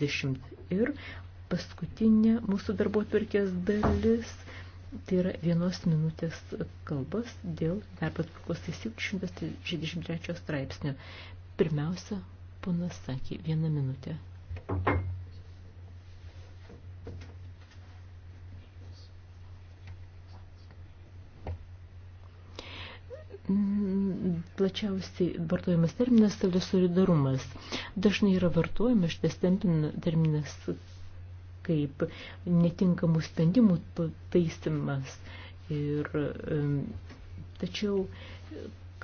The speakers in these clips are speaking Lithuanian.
20 ir paskutinė mūsų darbo atvirkės dalis, tai yra vienos minutės kalbas dėl darbo atvirkos taisyklių 163 straipsnio. Pirmiausia, ponas sakė, vieną minutę. plačiausiai vartojamas terminas yra solidarumas. Dažnai yra vartojamas šitas terminas kaip netinkamų sprendimų taisimas. Ir, tačiau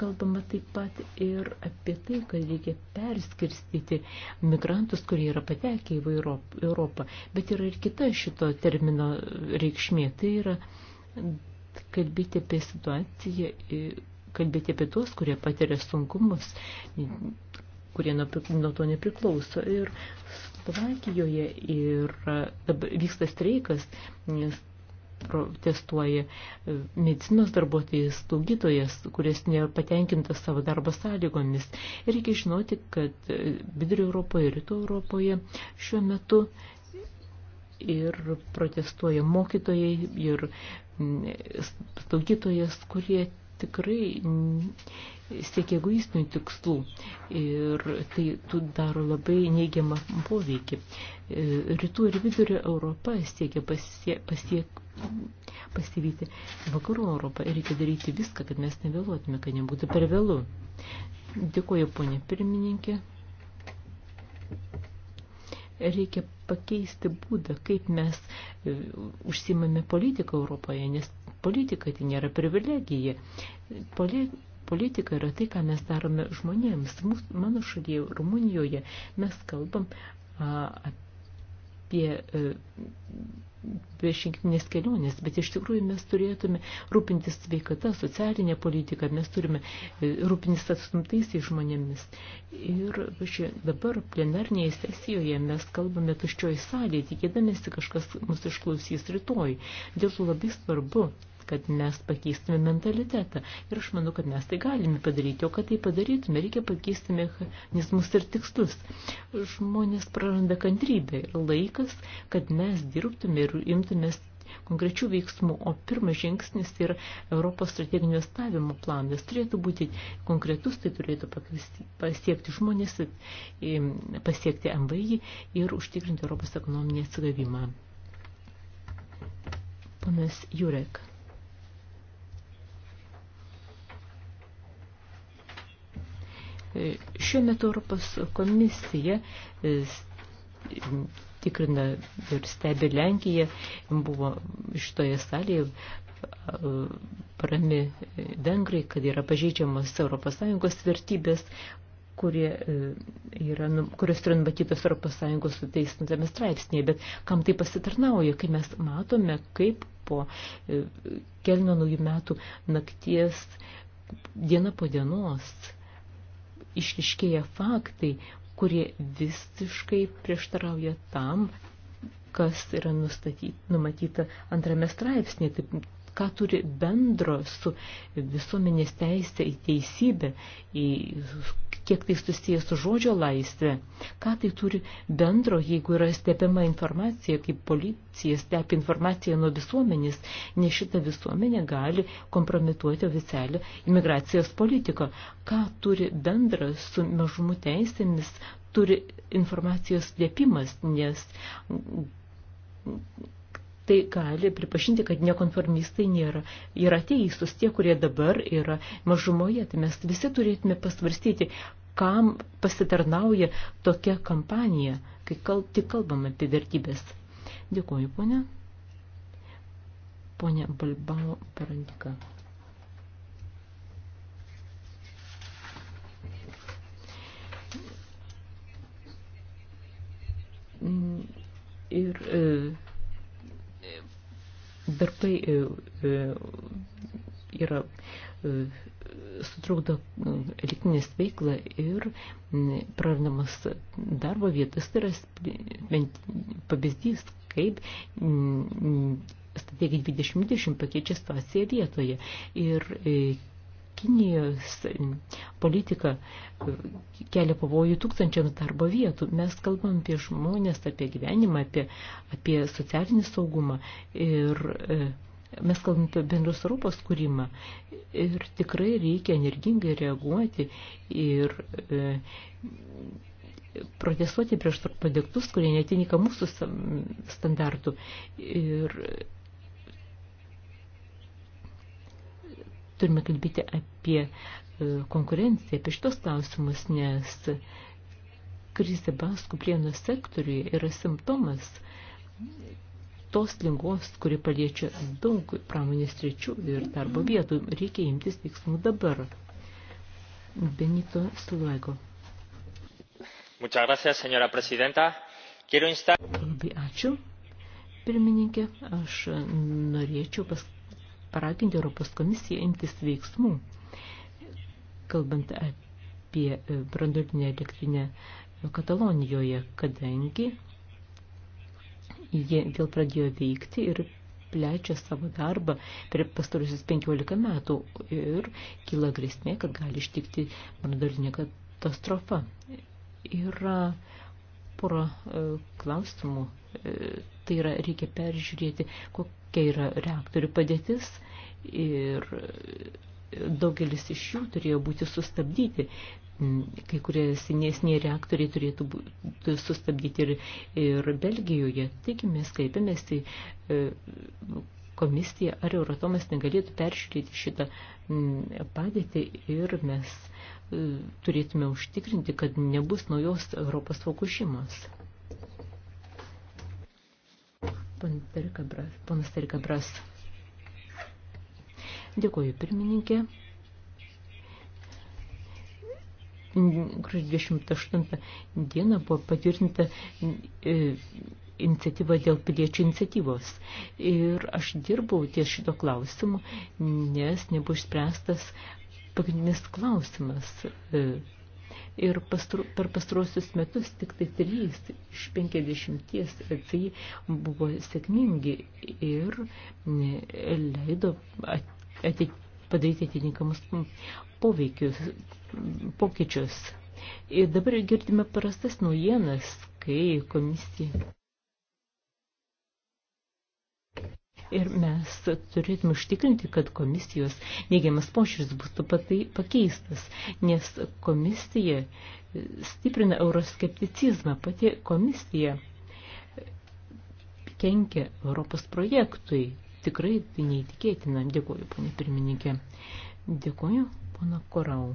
kalbama taip pat ir apie tai, kad reikia perskirstyti migrantus, kurie yra patekę į Europą. Bet yra ir kita šito termino reikšmė. Tai yra kalbėti apie situaciją, kalbėti apie tuos, kurie patiria sunkumus, kurie nuo, nuo to nepriklauso. Ir Slovakijoje ir vyksta streikas, nes protestuoja e, medicinos darbuotojas, slaugytojas, kuris nepatenkintas savo darbo sąlygomis. Ir reikia žinoti, kad e, vidurio Europoje ir rytų Europoje šiuo metu ir protestuoja mokytojai ir slaugytojas, kurie tikrai siekia egoistinių tikslų ir tai tu daro labai neigiamą poveikį. E, rytų ir vidurio Europa siekia pasie, pasiek, pasivyti vakarų Europą ir reikia daryti viską, kad mes nevėluotume, kad nebūtų per vėlų. Dėkuoju, ponė pirmininkė. Reikia pakeisti būdą, kaip mes e, užsimame politiką Europoje, nes politika tai nėra privilegija. Poli politika yra tai, ką mes darome žmonėms. Mūs, mano šalyje, Rumunijoje, mes kalbam a, apie a, e, priešinkinės kelionės, bet iš tikrųjų mes turėtume rūpintis sveikata, socialinė politika, mes turime e, rūpintis atstumtais žmonėmis. Ir ši, dabar plenarnėje sesijoje mes kalbame tuščioj salėje, tikėdamėsi kažkas mus išklausys rytoj. Dėl to labai svarbu kad mes pakeistume mentalitetą. Ir aš manau, kad mes tai galime padaryti. O kad tai padarytume, reikia pakeisti mechanizmus ir tikslus. Žmonės praranda kantrybę ir laikas, kad mes dirbtume ir imtumės konkrečių veiksmų, o pirmas žingsnis yra Europos strateginio stavimo planas. Turėtų būti konkretus, tai turėtų pasiekti žmonės, pasiekti MVI ir užtikrinti Europos ekonominį atsigavimą. Panas Jurek. Šiuo metu Europos komisija e, tikrina ir stebi Lenkiją, buvo šitoje salėje e, parami vengrai, kad yra pažeidžiamas ES vertybės, kurie e, yra, nu, kurios yra numatytos Europos Sąjungos suteisintame straipsnėje, bet kam tai pasitarnauja, kai mes matome, kaip po kelno naujų metų nakties diena po dienos išriškėja faktai, kurie visiškai prieštarauja tam, kas yra nustatyt, numatyta antrame straipsnėje. Taip, ką turi bendro su visuomenės teisė į teisybę, į kiek tai susijęs su žodžio laisvė, ką tai turi bendro, jeigu yra stepiama informacija, kaip policija stepi informaciją nuo visuomenės, nes šita visuomenė gali kompromituoti oficialią imigracijos politiką, ką turi bendra su mažumų teisėmis, turi informacijos stepimas, nes tai gali pripažinti, kad nekonformistai nėra. Yra teisūs tie, kurie dabar yra mažumoje. Tai mes visi turėtume pasvarstyti, kam pasitarnauja tokia kampanija, kai kal, tik kalbam apie vertybės. Dėkuoju, ponė. Ponė Balbao Parandika. Ir e, darbai e, e, yra sutrukdo elitinės veiklą ir prarandamas darbo vietas tai yra pavyzdys, kaip strategija 2020 pakeičia situaciją vietoje. Ir e, Kinijos politika e, kelia pavojų tūkstančiams darbo vietų. Mes kalbam apie žmonės, apie gyvenimą, apie, apie socialinį saugumą ir e, mes kalbame apie bendros Europos kūrimą ir tikrai reikia energingai reaguoti ir e, protestuoti prieš produktus, kurie netinka mūsų standartų. Ir turime kalbėti apie e, konkurenciją, apie šitos klausimus, nes krizė baskų plieno sektoriuje yra simptomas tos lingos, kuri paliečia daug pramonės ryčių ir darbo vietų, reikia imtis veiksmų dabar. Benito Sluego. Muchas gracias, señora presidenta. Quiero instar... Labai ačiū, pirmininkė. Aš norėčiau pas... paraginti Europos komisiją imtis veiksmų, kalbant apie e, branduolinę elektrinę Katalonijoje, kadangi jie vėl pradėjo veikti ir plečia savo darbą per pastarusius 15 metų ir kyla grėsmė, kad gali ištikti branduolinė katastrofa. Yra pora e, klausimų. E, tai yra, reikia peržiūrėti, kokia yra reaktorių padėtis ir e, daugelis iš jų turėjo būti sustabdyti. Mm, Kai kurie senesniai reaktoriai turėtų būti sustabdyti ir, ir Belgijoje. Taigi mes kreipėmės į e, komisiją, ar Euratomas negalėtų peržiūrėti šitą mm, padėtį ir mes e, turėtume užtikrinti, kad nebus naujos Europos fokušimas. Ponas Terikabras. Dėkoju pirmininkė. Gruodžio 28 dieną buvo patvirtinta e, iniciatyva dėl piliečių iniciatyvos. Ir aš dirbau ties šito klausimu, nes nebuvo išspręstas pagrindinis klausimas. E, ir pastru, per pastruosius metus tik tai 3 iš 50 atsai buvo sėkmingi ir e, leido at, padaryti atitinkamus poveikius, pokyčius. Ir dabar girdime prastas naujienas, kai komisija. Ir mes turėtume užtikrinti, kad komisijos neigiamas pošiūris bus patai pakeistas, nes komisija stiprina euroskepticizmą, pati komisija kenkia Europos projektui, tikrai tai neįtikėtina. Dėkuoju, ponė pirmininkė. Dėkuoju, pana Korau.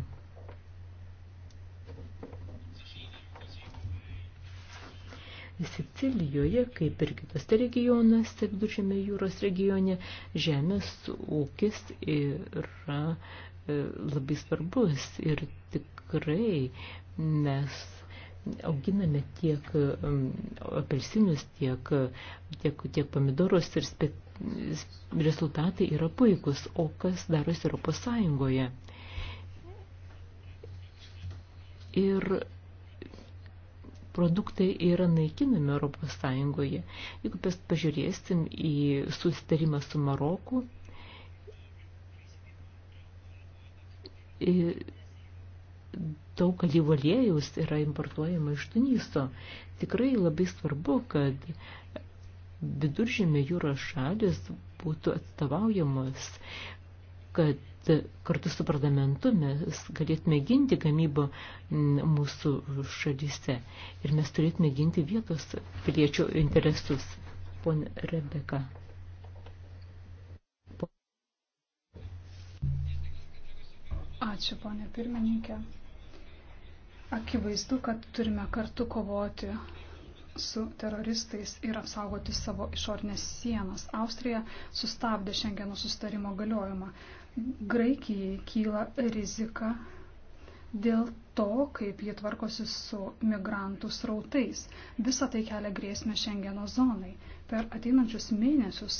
Sicilijoje, kaip ir kitose regionuose, viduržėme jūros regione, žemės ūkis yra e, labai svarbus ir tikrai mes auginame tiek apelsinus, tiek, tiek, tiek pomidorus ir spe, rezultatai yra puikus, o kas darosi Europos Sąjungoje. Ir produktai yra naikinami Europos Sąjungoje. Jeigu mes pažiūrėsim į susitarimą su Maroku, daug alyvalėjaus yra importuojama iš Tuniso. Tikrai labai svarbu, kad viduržėmė jūros šalis būtų atstovaujamos, kad kartu su parlamentu mes galėtume ginti gamybą mūsų šalyse ir mes turėtume ginti vietos piliečių interesus. Pone Rebeka. Ačiū, ponė pirmininkė. Akivaizdu, kad turime kartu kovoti su teroristais ir apsaugoti savo išornės sienas. Austrija sustabdė Šengeno sustarimo galiojimą. Graikijai kyla rizika dėl to, kaip jie tvarkosi su migrantų srautais. Visa tai kelia grėsmę Šengeno zonai. Per ateinančius mėnesius,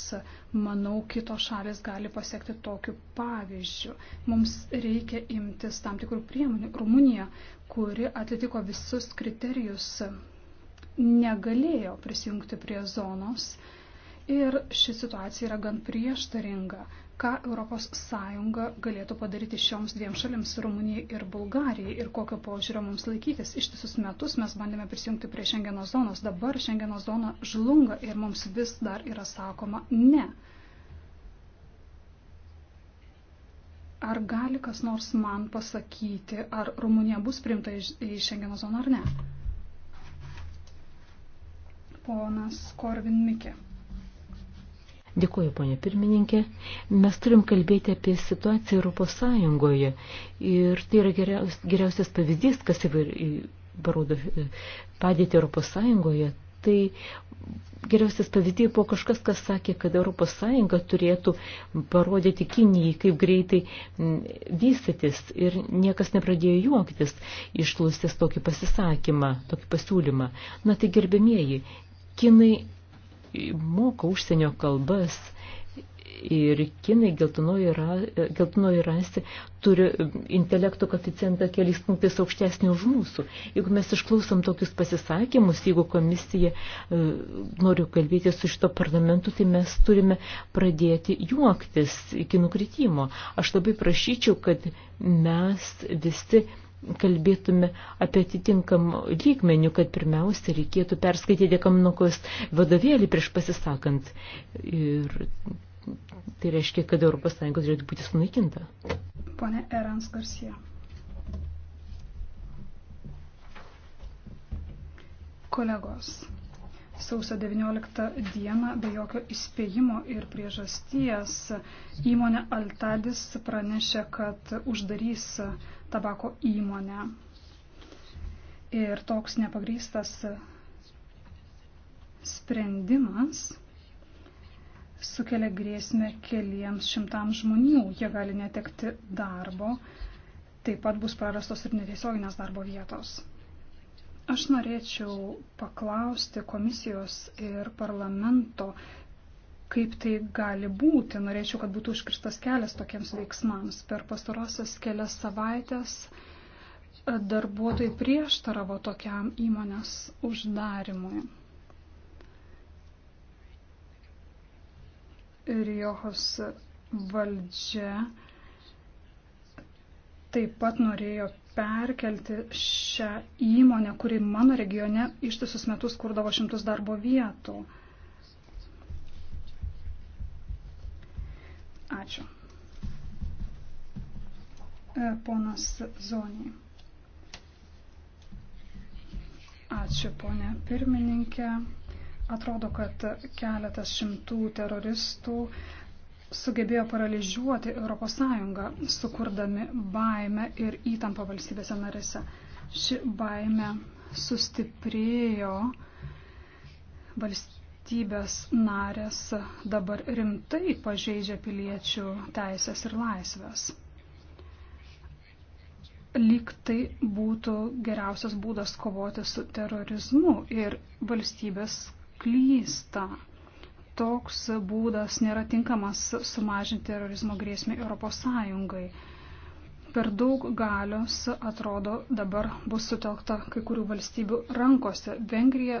manau, kitos šalis gali pasiekti tokiu pavyzdžiu. Mums reikia imtis tam tikrų priemonių. Rumunija, kuri atitiko visus kriterijus negalėjo prisijungti prie zonos ir ši situacija yra gan prieštaringa. Ką ES galėtų padaryti šioms dviem šalims - Rumunijai ir Bulgarijai ir kokio požiūrio mums laikytis. Ištisus metus mes bandėme prisijungti prie Šengeno zonos, dabar Šengeno zona žlunga ir mums vis dar yra sakoma ne. Ar gali kas nors man pasakyti, ar Rumunija bus primta į Šengeno zoną ar ne? ponas Korvin Mikė. Dėkuoju, ponė pirmininkė. Mes turim kalbėti apie situaciją Europos Sąjungoje. Ir tai yra geriaus, geriausias pavyzdys, kas parodo e, padėti Europos Sąjungoje. Tai geriausias pavyzdys buvo kažkas, kas sakė, kad Europos Sąjunga turėtų parodyti Kinijai, kaip greitai vystytis ir niekas nepradėjo juoktis išklausęs tokį pasisakymą, tokį pasiūlymą. Na tai gerbėmieji, Kinai moka užsienio kalbas ir kinai geltonoji ra, rasė turi intelektų koeficientą keliais punktais aukštesnį už mūsų. Jeigu mes išklausom tokius pasisakymus, jeigu komisija e, nori kalbėti su šito parlamentu, tai mes turime pradėti juoktis iki nukritimo. Aš labai prašyčiau, kad mes visi kalbėtume apie atitinkamą lygmenių, kad pirmiausia reikėtų perskaityti kamnukos vadovėlį prieš pasisakant. Ir tai reiškia, kad ES turėtų būti sunaikinta. Pone Erans Garcia. Kolegos, sausio 19 dieną be jokio įspėjimo ir priežasties įmonė Altadis pranešė, kad uždarys tabako įmonę. Ir toks nepagrystas sprendimas sukelia grėsmę keliems šimtams žmonių. Jie gali netekti darbo, taip pat bus prarastos ir netiesioginės darbo vietos. Aš norėčiau paklausti komisijos ir parlamento kaip tai gali būti. Norėčiau, kad būtų užkirstas kelias tokiems veiksmams. Per pastarosias kelias savaitės e, darbuotojai prieštaravo tokiam įmonės uždarimui. Riojos valdžia taip pat norėjo perkelti šią įmonę, kuri mano regione ištisus metus kurdavo šimtus darbo vietų. Ačiū. E, ponas Zonį. Ačiū, ponė pirmininkė. Atrodo, kad keletas šimtų teroristų sugebėjo paralyžiuoti ES, sukurdami baimę ir įtampą valstybėse narėse. Ši baime sustiprėjo valstybė valstybės narės dabar rimtai pažeidžia piliečių teisės ir laisvės. Lyg tai būtų geriausias būdas kovoti su terorizmu ir valstybės klysta. Toks būdas nėra tinkamas sumažinti terorizmo grėsmį ES per daug galios, atrodo, dabar bus sutelkta kai kurių valstybių rankose. Vengrija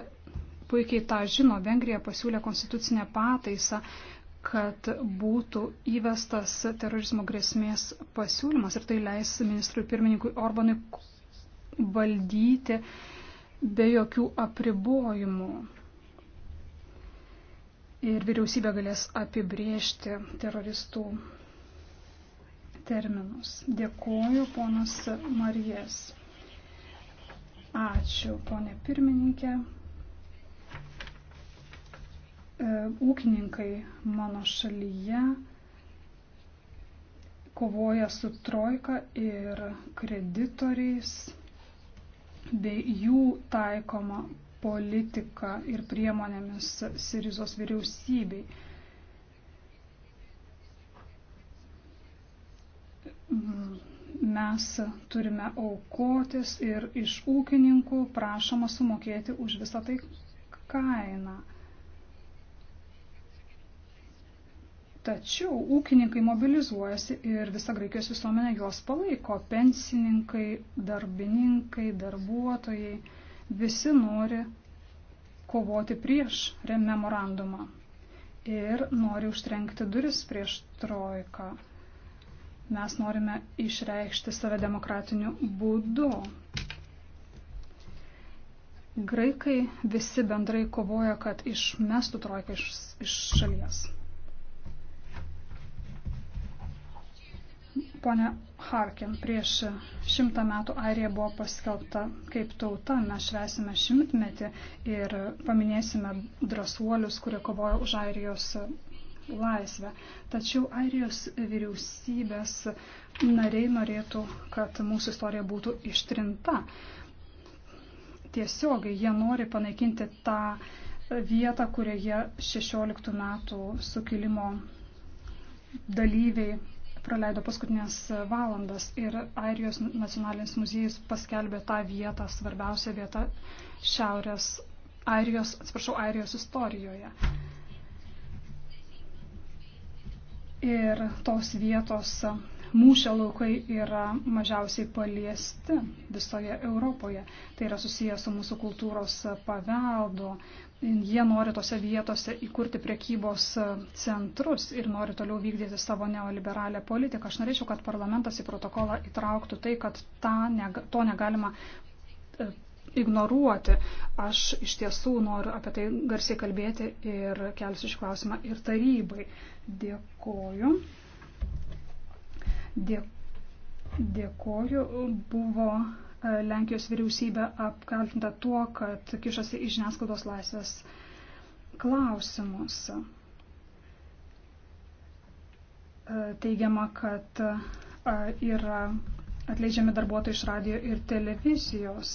puikiai tą žino, Vengrija pasiūlė konstitucinę pataisą, kad būtų įvestas terorizmo grėsmės pasiūlymas ir tai leis ministrui pirmininkui Orbanui valdyti be jokių apribojimų. Ir vyriausybė galės apibriežti teroristų terminus. Dėkuoju, ponas Marijas. Ačiū, ponė pirmininkė. E, ūkininkai mano šalyje kovoja su trojka ir kreditoriais bei jų taikoma politika ir priemonėmis Sirizos vyriausybei. Mes turime aukotis ir iš ūkininkų prašoma sumokėti už visą tai kainą. Tačiau ūkininkai mobilizuojasi ir visa Graikijos visuomenė juos palaiko. Pensininkai, darbininkai, darbuotojai, visi nori kovoti prieš memorandumą ir nori užtrenkti duris prieš trojką. Mes norime išreikšti save demokratiniu būdu. Graikai visi bendrai kovoja, kad išmestų trojką iš, iš šalies. Pone Harkin, prieš šimtą metų Airija buvo paskelbta kaip tauta. Mes švesime šimtmetį ir paminėsime drasuolius, kurie kovojo už Airijos laisvę. Tačiau Airijos vyriausybės nariai norėtų, kad mūsų istorija būtų ištrinta. Tiesiogai jie nori panaikinti tą vietą, kurioje 16 metų sukilimo dalyviai praleido paskutinės valandas ir Airijos nacionalinis muziejus paskelbė tą vietą, svarbiausią vietą Šiaurės Airijos, atsiprašau, Airijos istorijoje. Ir tos vietos mūšio laukai yra mažiausiai paliesti visoje Europoje. Tai yra susijęs su mūsų kultūros paveldo. Jie nori tose vietose įkurti priekybos centrus ir nori toliau vykdyti savo neoliberalią politiką. Aš norėčiau, kad parlamentas į protokolą įtrauktų tai, kad ta, to negalima e, ignoruoti. Aš iš tiesų noriu apie tai garsiai kalbėti ir kelsiu iš klausimą ir tarybai. Dėkoju. Dėkoju. Buvo e, Lenkijos vyriausybė apkaltinta tuo, kad kišasi į žiniasklaidos laisvės klausimus. E, teigiama, kad e, yra atleidžiami darbuotojai iš radio ir televizijos.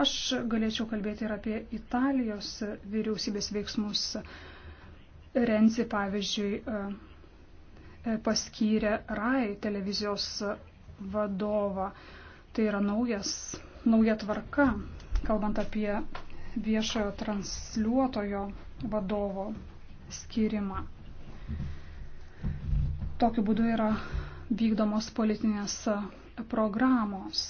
Aš galėčiau kalbėti ir apie Italijos vyriausybės veiksmus. Renzi, pavyzdžiui, E, paskyrė RAI televizijos vadovą. Tai yra naujas, nauja tvarka, kalbant apie viešojo transliuotojo vadovo skirimą. Tokiu būdu yra vykdomos politinės programos.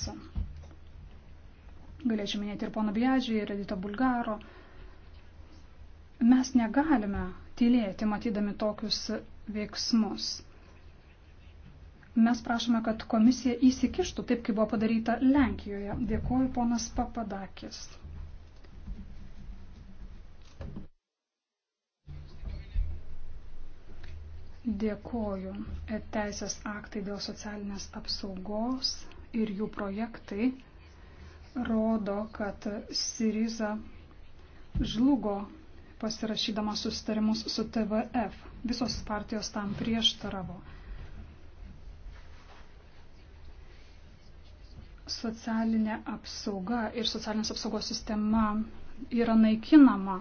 Galėčiau minėti ir pono Biedžiai, ir Edito Bulgaro. Mes negalime tylėti, matydami tokius veiksmus. Mes prašome, kad komisija įsikištų taip, kaip buvo padaryta Lenkijoje. Dėkuoju, ponas Papadakis. Dėkoju. Teisės aktai dėl socialinės apsaugos ir jų projektai rodo, kad Siriza žlugo pasirašydama sustarimus su TVF. Visos partijos tam prieštaravo. Socialinė apsauga ir socialinės apsaugos sistema yra naikinama.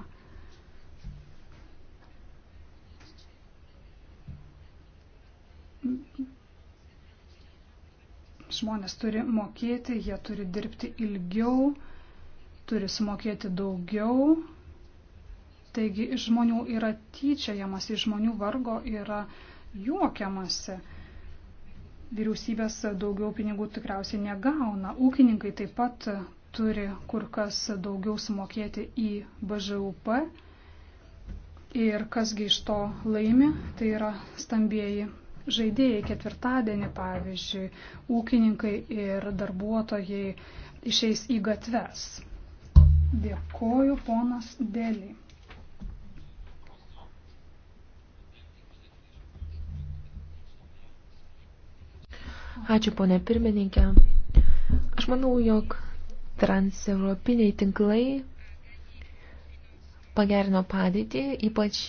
Žmonės turi mokėti, jie turi dirbti ilgiau, turi sumokėti daugiau Taigi iš žmonių yra tyčiajamas, iš žmonių vargo yra juokiamasi. Vyriausybės daugiau pinigų tikriausiai negauna. Ūkininkai taip pat turi kur kas daugiau sumokėti į BŽUP. Ir kasgi iš to laimi, tai yra stambieji žaidėjai ketvirtadienį, pavyzdžiui, ūkininkai ir darbuotojai išeis į gatves. Dėkoju, ponas Dėlį. Ačiū, ponė pirmininkė. Aš manau, jog transeuropiniai tinklai pagerino padėtį, ypač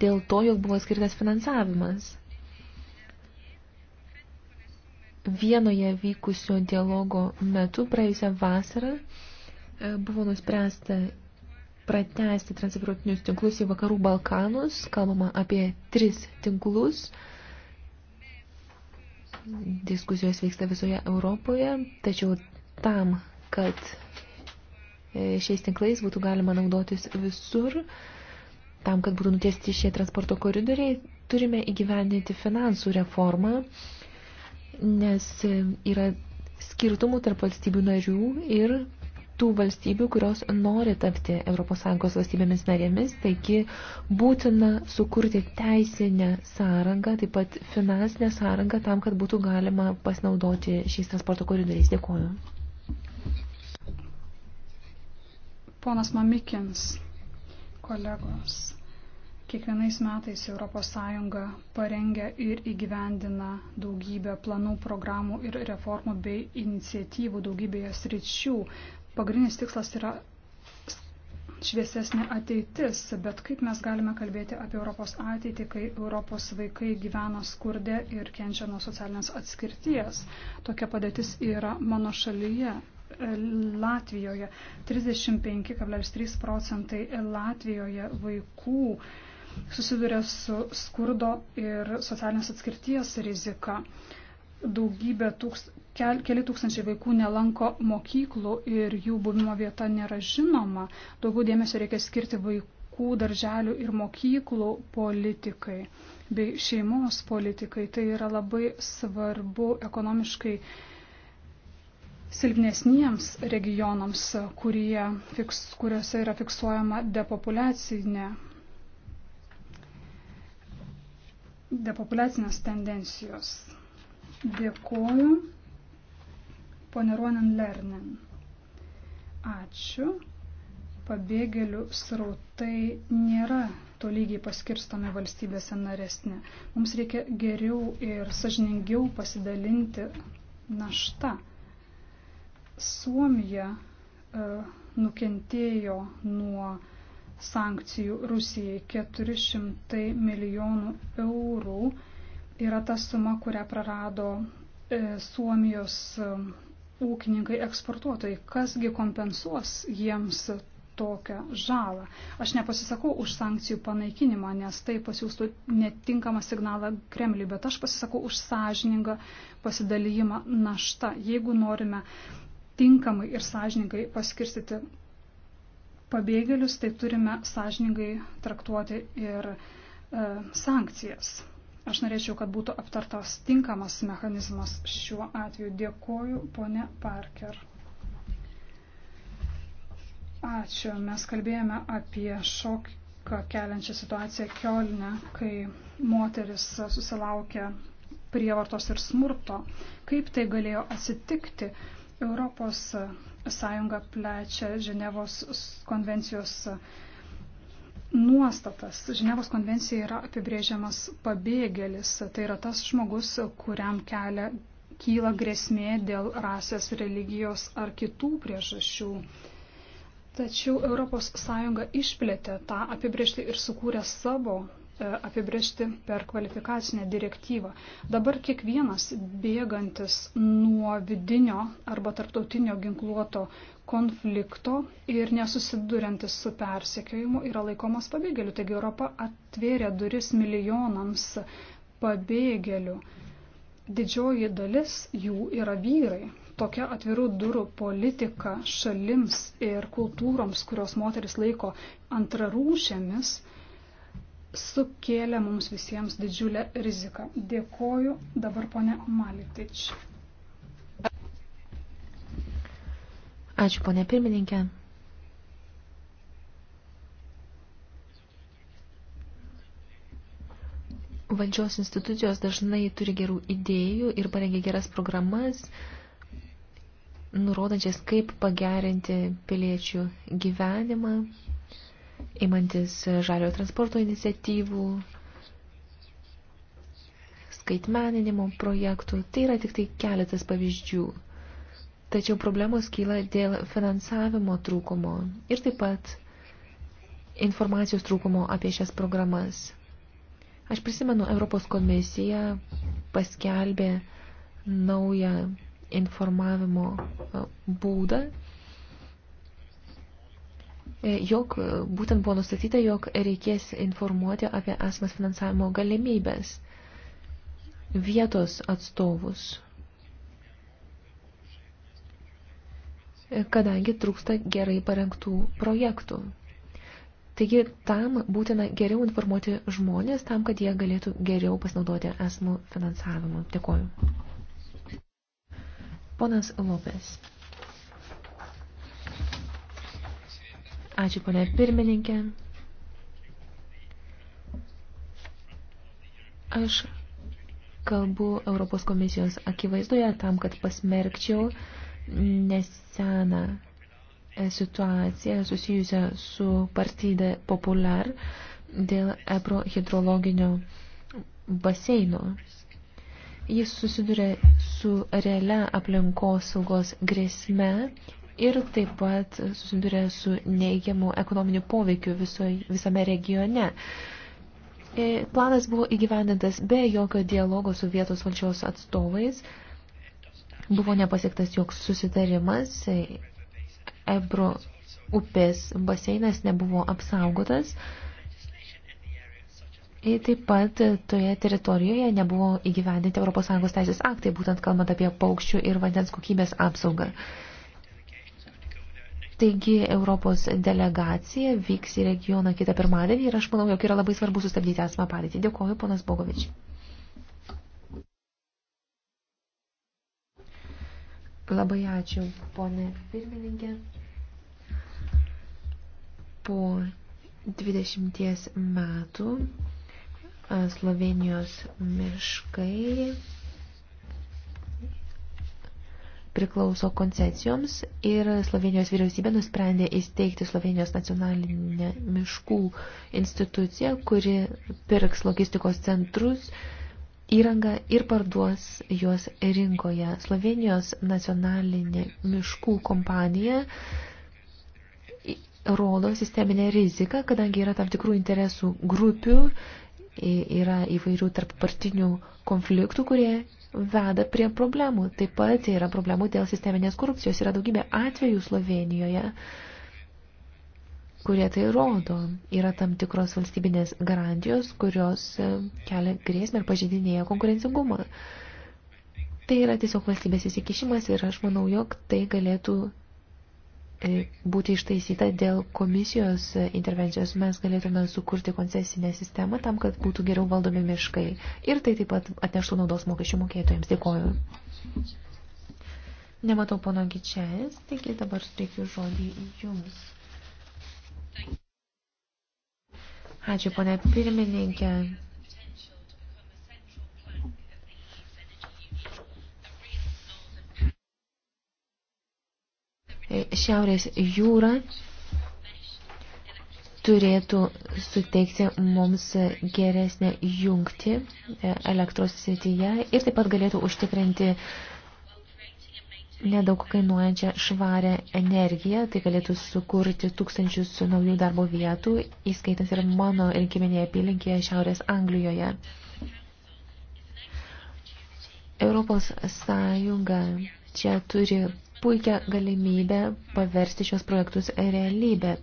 dėl to, jog buvo skirtas finansavimas. Vienoje vykusio dialogo metu praėjusią vasarą e, buvo nuspręsta pratesti transeuropinius tinklus į vakarų Balkanus, kalbama apie tris tinklus – diskusijos vyksta visoje Europoje, tačiau tam, kad e, šiais tinklais būtų galima naudotis visur, tam, kad būtų nutiesti šie transporto koridoriai, turime įgyvendinti finansų reformą, nes e, yra skirtumų tarp valstybių narių ir tų valstybių, kurios nori tapti ES valstybėmis narėmis, taigi būtina sukurti teisinę sąrangą, taip pat finansinę sąrangą tam, kad būtų galima pasinaudoti šiais transporto koridoriais. Dėkuoju. Ponas Mamikins, kolegos, kiekvienais metais ES parengia ir įgyvendina daugybę planų, programų ir reformų bei iniciatyvų daugybėje sričių Pagrindinis tikslas yra šviesesnė ateitis, bet kaip mes galime kalbėti apie Europos ateitį, kai Europos vaikai gyvena skurdė ir kenčia nuo socialinės atskirties. Tokia padėtis yra mano šalyje. Latvijoje 35,3 procentai Latvijoje vaikų susiduria su skurdo ir socialinės atskirties rizika. Daugybė tūkst, kel, keli tūkstančiai vaikų nelanko mokyklų ir jų buvimo vieta nėra žinoma. Daugiau dėmesio reikia skirti vaikų darželių ir mokyklų politikai bei šeimos politikai. Tai yra labai svarbu ekonomiškai silpnesniems regionams, kurie, fiks, kuriuose yra fiksuojama depopulacinė depopulacinės tendencijos. Dėkuoju ponė Ruonan Lernen. Ačiū. Pabėgėlių srautai nėra tolygiai paskirstomi valstybėse naresnė. Mums reikia geriau ir sažiningiau pasidalinti naštą. Suomija e, nukentėjo nuo sankcijų Rusijai 400 milijonų eurų yra ta suma, kurią prarado e, Suomijos ūkininkai eksportuotojai, kasgi kompensuos jiems tokią žalą. Aš nepasisakau už sankcijų panaikinimą, nes tai pasiūstų netinkamą signalą Kremliui, bet aš pasisakau už sąžiningą pasidalijimą naštą. Jeigu norime tinkamai ir sąžiningai paskirstyti pabėgėlius, tai turime sąžiningai traktuoti ir e, sankcijas. Aš norėčiau, kad būtų aptartas tinkamas mechanizmas šiuo atveju. Dėkoju, ponė Parker. Ačiū. Mes kalbėjome apie šoką keliančią situaciją Kielne, kai moteris susilaukė prievartos ir smurto. Kaip tai galėjo atsitikti? Europos Sąjunga plečia Ženevos konvencijos nuostatas. Ženevos konvencija yra apibrėžiamas pabėgėlis. Tai yra tas žmogus, kuriam kelia, kyla grėsmė dėl rasės, religijos ar kitų priežasčių. Tačiau ES išplėtė tą apibrėžtį ir sukūrė savo e, apibrėžti per kvalifikacinę direktyvą. Dabar kiekvienas bėgantis nuo vidinio arba tarptautinio ginkluoto konflikto ir nesusiduriantis su persekiojimu yra laikomas pabėgėliu. Taigi Europa atvėrė duris milijonams pabėgėlių. Didžioji dalis jų yra vyrai. Tokia atvirų durų politika šalims ir kultūroms, kurios moteris laiko antrarūšėmis, sukėlė mums visiems didžiulę riziką. Dėkoju dabar ponė Malitič. Ačiū, ponė pirmininkė. Valdžios institucijos dažnai turi gerų idėjų ir parengia geras programas, nurodančias, kaip pagerinti piliečių gyvenimą, imantis žalio transporto iniciatyvų, skaitmeninimo projektų. Tai yra tik tai keletas pavyzdžių tačiau problemos kyla dėl finansavimo trūkumo ir taip pat informacijos trūkumo apie šias programas. Aš prisimenu, Europos komisija paskelbė naują informavimo būdą, e, jog būtent buvo nustatyta, jog reikės informuoti apie esmas finansavimo galimybės vietos atstovus kadangi trūksta gerai parengtų projektų. Taigi tam būtina geriau informuoti žmonės, tam, kad jie galėtų geriau pasinaudoti esamų finansavimą. Dėkuoju. Ponas Lopes. Ačiū, ponė pirmininkė. Aš kalbu Europos komisijos akivaizdoje tam, kad pasmerkčiau uh, neseną situaciją susijusią su partydė Popular dėl Ebro hidrologinio baseino. Jis susiduria su realia aplinkos saugos grėsme ir taip pat susiduria su neigiamu ekonominiu poveikiu viso, visame regione. E, planas buvo įgyvendintas be jokio dialogo su vietos valdžios atstovais, Buvo nepasiektas joks susitarimas, Ebro upės baseinas nebuvo apsaugotas. Ir taip pat toje teritorijoje nebuvo įgyvendinti ES teisės aktai, būtent kalbant apie paukščių ir vandens kokybės apsaugą. Taigi Europos delegacija vyks į regioną kitą pirmadienį ir aš manau, jog yra labai svarbu sustabdyti esmą padėtį. Dėkuoju, ponas Bogovič. Labai ačiū, ponė pirmininkė. Po 20 metų Slovenijos miškai priklauso koncesijoms ir Slovenijos vyriausybė nusprendė įsteigti Slovenijos nacionalinę miškų instituciją, kuri pirks logistikos centrus, įrangą ir parduos juos rinkoje. Slovenijos nacionalinė miškų kompanija rodo sisteminę riziką, kadangi yra tam tikrų interesų grupių, yra įvairių tarppartinių konfliktų, kurie veda prie problemų. Taip pat yra problemų dėl sisteminės korupcijos. Yra daugybė atvejų Slovenijoje, kurie tai rodo. Yra tam tikros valstybinės garantijos, kurios e, kelia grėsmę ir pažydinėja konkurencingumą. Tai yra tiesiog valstybės įsikišimas ir aš manau, jog tai galėtų e, būti ištaisyta dėl komisijos e, intervencijos. Mes galėtume sukurti koncesinę sistemą tam, kad būtų geriau valdomi miškai. Ir tai taip pat atneštų naudos mokesčių mokėtojams. Dėkoju. Nematau pono Gičiais, taigi dabar suteikiu žodį jums. Ačiū, ponė pirmininkė. Šiaurės jūra turėtų suteikti mums geresnę jungti e, elektros srityje ir taip pat galėtų užtikrinti uh, nedaug kainuojančią švarę energiją. Tai galėtų sukurti tūkstančius naujų darbo vietų, įskaitant ir mano rinkiminėje apylinkėje Šiaurės Anglijoje. Europos Sąjunga čia turi puikią galimybę paversti šios projektus realybę.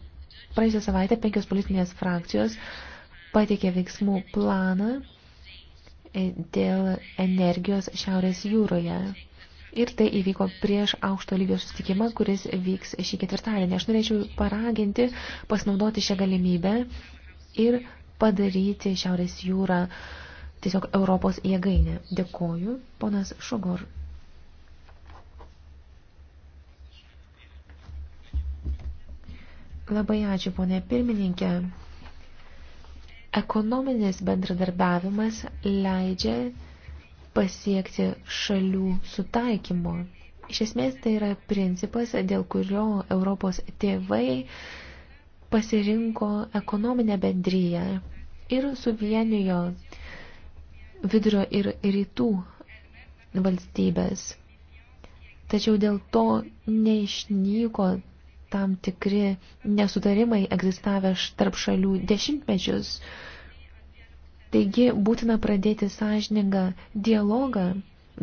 Praėjusią savaitę penkios politinės frakcijos pateikė veiksmų planą dėl energijos Šiaurės jūroje. Ir tai įvyko prieš aukšto lygio sustikimą, kuris vyks šį ketvirtadienį. Aš norėčiau paraginti pasinaudoti šią galimybę ir padaryti Šiaurės jūrą tiesiog Europos jėgainę. Dėkoju, ponas Šogor. Labai ačiū, ponė pirmininkė. Ekonominis bendradarbiavimas leidžia pasiekti šalių sutaikymo. Iš esmės tai yra principas, dėl kurio Europos tėvai pasirinko ekonominę bendryją ir suvienijo vidurio ir rytų valstybės. Tačiau dėl to neišnyko tam tikri nesutarimai egzistavę tarp šalių dešimtmečius. Taigi būtina pradėti sąžiningą dialogą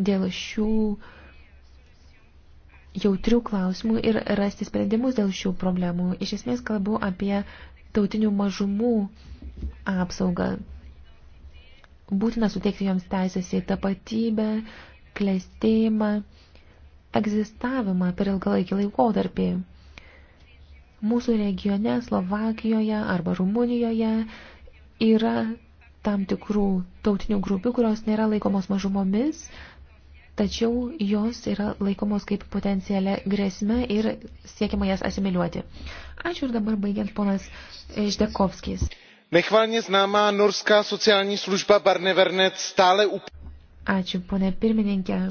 dėl šių jautrių klausimų ir rasti sprendimus dėl šių problemų. Iš esmės kalbu apie tautinių mažumų apsaugą. Būtina suteikti joms teisės į tapatybę, klestėjimą, egzistavimą per ilgalaikį laikotarpį. Mūsų regione, Slovakijoje arba Rumunijoje yra tam tikrų tautinių grupių, kurios nėra laikomos mažumomis, tačiau jos yra laikomos kaip potencialia grėsme ir siekiama jas asimiliuoti. Ačiū ir dabar baigiant ponas Ždekovskis. Nechvalně známá norská sociální služba Barnevernet stále up... Ačiū, ponė pirmininkė.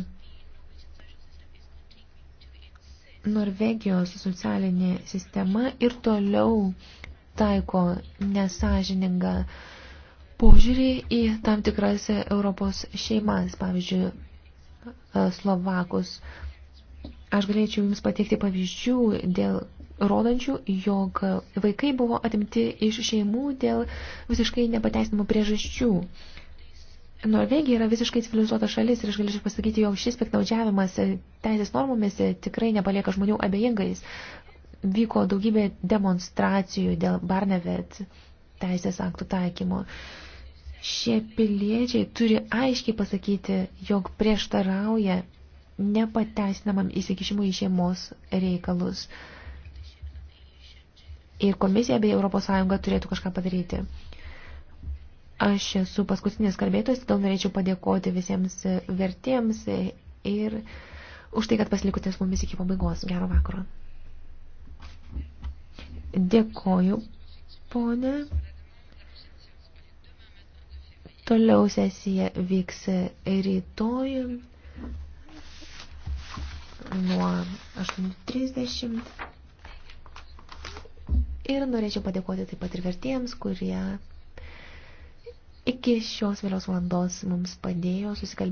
Norvegijos socialinė sistema ir toliau taiko nesažiningą uh, požiūrį į tam tikras Europos šeimas, pavyzdžiui, e, Slovakus. Aš galėčiau Jums pateikti pavyzdžių dėl rodančių, jog vaikai buvo atimti iš šeimų dėl visiškai nepateisinamų priežasčių. Norvegija yra visiškai civilizuota šalis ir aš galėčiau pasakyti, jog šis piknaudžiavimas teisės normomis tikrai nepalieka žmonių abejingais. Vyko daugybė demonstracijų dėl Barnevet teisės aktų taikymo. Uh, Šie piliečiai turi aiškiai pasakyti, jog prieštarauja nepateisinamam įsikišimui į šeimos reikalus. Ir komisija bei Europos Sąjunga turėtų kažką padaryti. Aš esu paskutinis kalbėtojas, todėl norėčiau padėkoti visiems vertiems ir už tai, kad pasilikote su mumis iki pabaigos. Gero vakaro. Dėkoju, ponė. Toliau sesija vyks rytoj nuo 8.30. Ir norėčiau padėkoti taip pat ir vertėjams, kurie iki šios vėlios valandos mums padėjo susikalbėti.